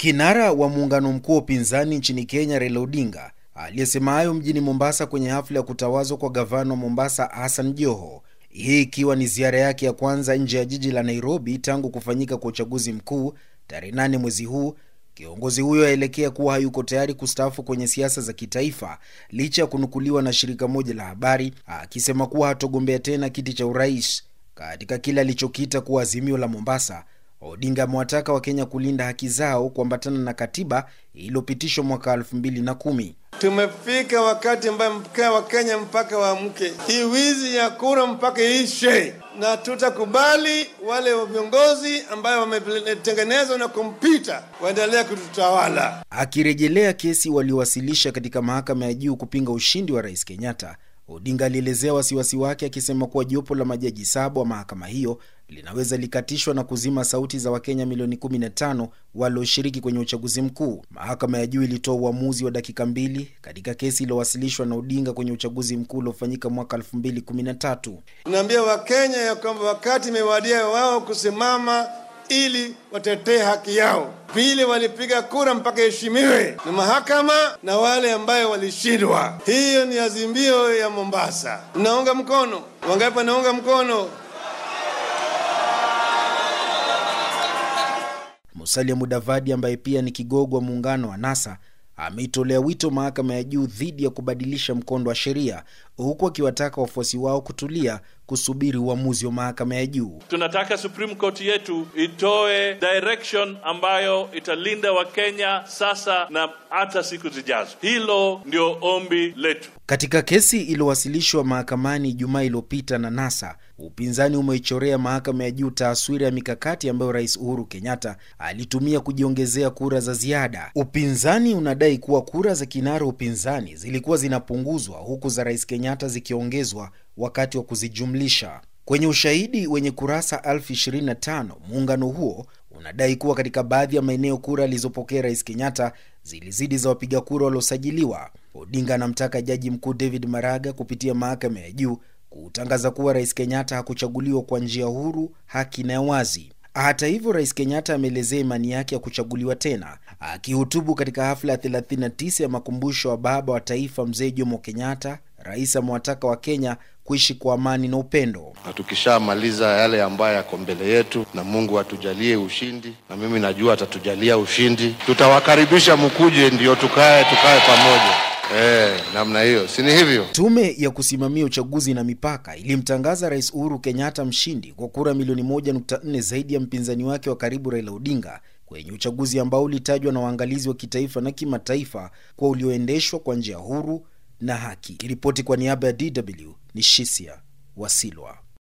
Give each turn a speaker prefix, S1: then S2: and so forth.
S1: Kinara wa muungano mkuu wa upinzani nchini Kenya, Raila Odinga, aliyesema hayo mjini Mombasa kwenye hafla ya kutawazwa kwa gavana wa Mombasa Hassan Joho, hii ikiwa ni ziara yake ya kwanza nje ya jiji la Nairobi tangu kufanyika kwa uchaguzi mkuu tarehe 8 mwezi huu. Kiongozi huyo aelekea kuwa hayuko tayari kustaafu kwenye siasa za kitaifa licha ya kunukuliwa na shirika moja la habari akisema kuwa hatogombea tena kiti cha urais katika kile alichokiita kuwa azimio la Mombasa Odinga amewataka Wakenya kulinda haki zao kuambatana na katiba iliyopitishwa mwaka 2010.
S2: Tumefika wakati ambaye mkaa wa kenya mpaka waamke, hii wizi ya kura mpaka ishe, na tutakubali wale viongozi ambayo wametengenezwa na kompyuta waendelea kututawala.
S1: Akirejelea kesi waliowasilisha katika mahakama ya juu kupinga ushindi wa Rais Kenyatta, Odinga alielezea wasiwasi wake akisema kuwa jopo la majaji saba wa mahakama hiyo linaweza likatishwa na kuzima sauti za Wakenya milioni 15 walioshiriki kwenye uchaguzi mkuu. Mahakama ya juu ilitoa uamuzi wa dakika mbili katika kesi iliyowasilishwa na Odinga kwenye uchaguzi mkuu uliofanyika mwaka 2013.
S2: Naambia Wakenya ya kwamba wakati imewadia wao kusimama ili watetee haki yao. Pili, walipiga kura mpaka heshimiwe na mahakama na wale ambayo walishindwa. Hiyo ni azimio ya Mombasa. Mnaunga mkono? Wangapi wanaunga mkono?
S1: Musalia Mudavadi ambaye pia ni kigogo wa muungano wa NASA ameitolea wito mahakama ya juu dhidi ya kubadilisha mkondo wa sheria huku akiwataka wafuasi wao kutulia kusubiri uamuzi wa mahakama ya juu.
S2: Tunataka Supreme Court yetu itoe direction ambayo italinda Wakenya sasa na hata siku zijazo. Hilo ndio ombi letu.
S1: Katika kesi iliyowasilishwa mahakamani Jumaa iliyopita na NASA, upinzani umeichorea mahakama ya juu taswira ya mikakati ambayo Rais Uhuru Kenyatta alitumia kujiongezea kura za ziada. Upinzani unadai kuwa kura za kinara upinzani zilikuwa zinapunguzwa huku za Rais Kenyatta zikiongezwa wakati wa kuzijumlisha. Kwenye ushahidi wenye kurasa 25 muungano huo unadai kuwa katika baadhi ya maeneo kura alizopokea Rais Kenyatta zilizidi za wapiga kura waliosajiliwa. Odinga anamtaka Jaji Mkuu David Maraga kupitia mahakama ya juu kutangaza kuwa Rais Kenyatta hakuchaguliwa kwa njia huru, haki na ya wazi. Hata hivyo, Rais Kenyatta ameelezea imani yake ya kuchaguliwa tena. Akihutubu katika hafla ya 39 ya makumbusho wa baba wa taifa Mzee Jomo Kenyatta, rais amewataka wa kenya kuishi kwa amani na upendo.
S2: Na tukishamaliza yale ambayo yako mbele yetu, na Mungu atujalie ushindi, na mimi najua atatujalia ushindi. Tutawakaribisha mkuje, ndio tukae tukae pamoja. Eh, namna hiyo, si ni hivyo?
S1: Tume ya kusimamia uchaguzi na mipaka ilimtangaza Rais Uhuru Kenyatta mshindi kwa kura milioni 1.4 zaidi ya mpinzani wake wa karibu Raila Odinga kwenye uchaguzi ambao ulitajwa na waangalizi wa kitaifa na kimataifa kuwa ulioendeshwa kwa njia huru, na haki. Kiripoti kwa niaba ya DW ni Shisia Wasilwa.